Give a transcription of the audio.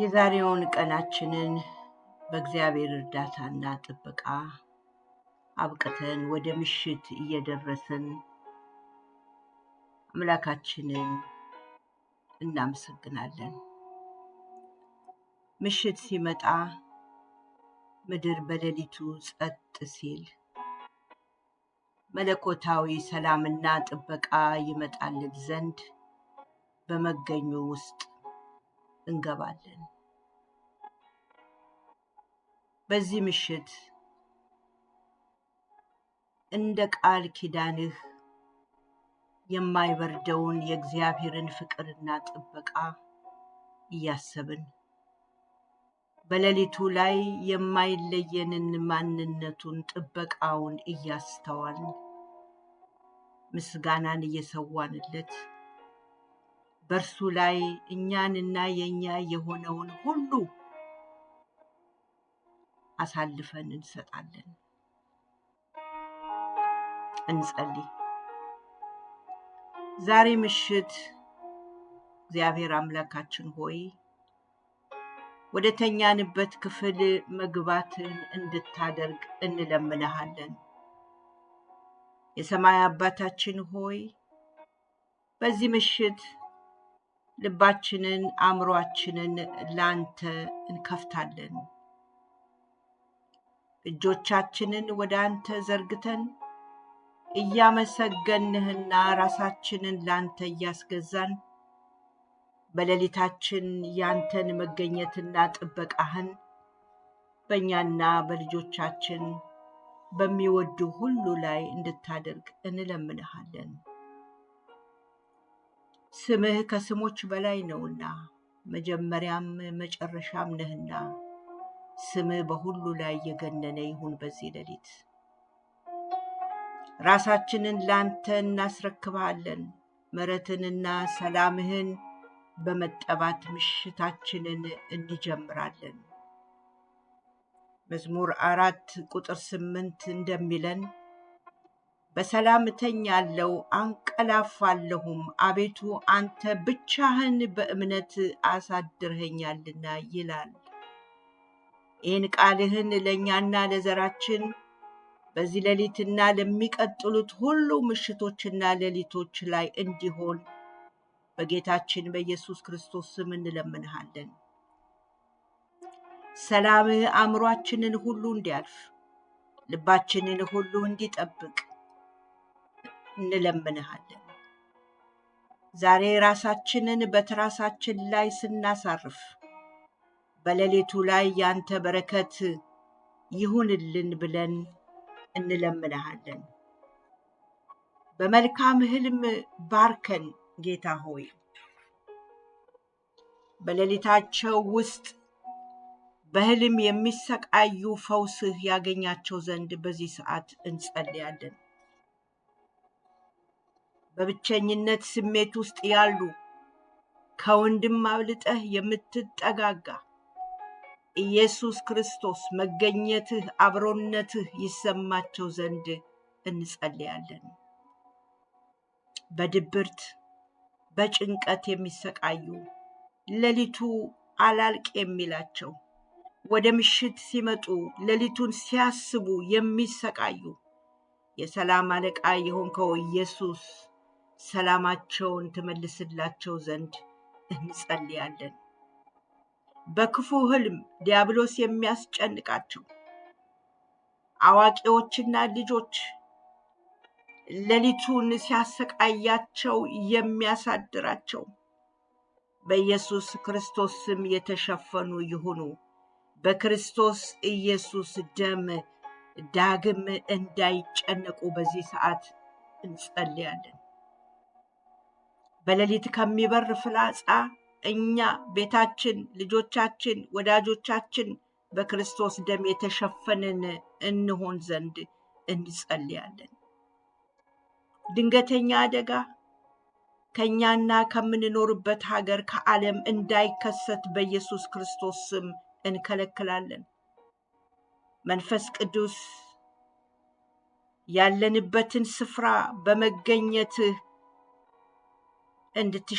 የዛሬውን ቀናችንን በእግዚአብሔር እርዳታና ጥበቃ አብቅተን ወደ ምሽት እየደረስን አምላካችንን እናመሰግናለን። ምሽት ሲመጣ ምድር በሌሊቱ ጸጥ ሲል መለኮታዊ ሰላምና ጥበቃ ይመጣልን ዘንድ በመገኙ ውስጥ እንገባለን። በዚህ ምሽት እንደ ቃል ኪዳንህ የማይበርደውን የእግዚአብሔርን ፍቅርና ጥበቃ እያሰብን በሌሊቱ ላይ የማይለየንን ማንነቱን ጥበቃውን እያስተዋል ምስጋናን እየሰዋንለት በእርሱ ላይ እኛንና የእኛ የሆነውን ሁሉ አሳልፈን እንሰጣለን። እንጸልይ። ዛሬ ምሽት እግዚአብሔር አምላካችን ሆይ ወደ ተኛንበት ክፍል መግባትን እንድታደርግ እንለምንሃለን። የሰማይ አባታችን ሆይ በዚህ ምሽት ልባችንን አእምሯችንን ላንተ እንከፍታለን። እጆቻችንን ወደ አንተ ዘርግተን እያመሰገንህና ራሳችንን ላንተ እያስገዛን በሌሊታችን ያንተን መገኘትና ጥበቃህን በእኛና በልጆቻችን በሚወዱ ሁሉ ላይ እንድታደርግ እንለምንሃለን። ስምህ ከስሞች በላይ ነውና መጀመሪያም መጨረሻም ነህና ስምህ በሁሉ ላይ የገነነ ይሁን። በዚህ ሌሊት ራሳችንን ላንተ እናስረክብሃለን። ምሕረትንና ሰላምህን በመጠባት ምሽታችንን እንጀምራለን። መዝሙር አራት ቁጥር ስምንት እንደሚለን በሰላም እተኛለሁ አንቀላፋለሁም፣ አቤቱ አንተ ብቻህን በእምነት አሳድርኸኛልና ይላል። ይህን ቃልህን ለእኛና ለዘራችን በዚህ ሌሊትና ለሚቀጥሉት ሁሉ ምሽቶችና ሌሊቶች ላይ እንዲሆን በጌታችን በኢየሱስ ክርስቶስ ስም እንለምንሃለን። ሰላምህ አእምሯችንን ሁሉ እንዲያልፍ ልባችንን ሁሉ እንዲጠብቅ እንለምንሃለን። ዛሬ ራሳችንን በትራሳችን ላይ ስናሳርፍ በሌሊቱ ላይ ያንተ በረከት ይሁንልን ብለን እንለምንሃለን። በመልካም ህልም ባርከን ጌታ ሆይ በሌሊታቸው ውስጥ በህልም የሚሰቃዩ ፈውስህ ያገኛቸው ዘንድ በዚህ ሰዓት እንጸልያለን። በብቸኝነት ስሜት ውስጥ ያሉ ከወንድም አብልጠህ የምትጠጋጋ ኢየሱስ ክርስቶስ መገኘትህ፣ አብሮነትህ ይሰማቸው ዘንድ እንጸልያለን። በድብርት በጭንቀት የሚሰቃዩ ሌሊቱ አላልቅ የሚላቸው ወደ ምሽት ሲመጡ ሌሊቱን ሲያስቡ የሚሰቃዩ የሰላም አለቃ የሆንከው ኢየሱስ ሰላማቸውን ትመልስላቸው ዘንድ እንጸልያለን። በክፉ ህልም ዲያብሎስ የሚያስጨንቃቸው አዋቂዎችና ልጆች ሌሊቱን ሲያሰቃያቸው የሚያሳድራቸው በኢየሱስ ክርስቶስ ስም የተሸፈኑ ይሁኑ። በክርስቶስ ኢየሱስ ደም ዳግም እንዳይጨነቁ በዚህ ሰዓት እንጸልያለን። በሌሊት ከሚበር ፍላጻ እኛ ቤታችን፣ ልጆቻችን፣ ወዳጆቻችን በክርስቶስ ደም የተሸፈንን እንሆን ዘንድ እንጸልያለን። ድንገተኛ አደጋ ከእኛና ከምንኖርበት ሀገር ከዓለም እንዳይከሰት በኢየሱስ ክርስቶስ ስም እንከለክላለን። መንፈስ ቅዱስ ያለንበትን ስፍራ በመገኘትህ እንድት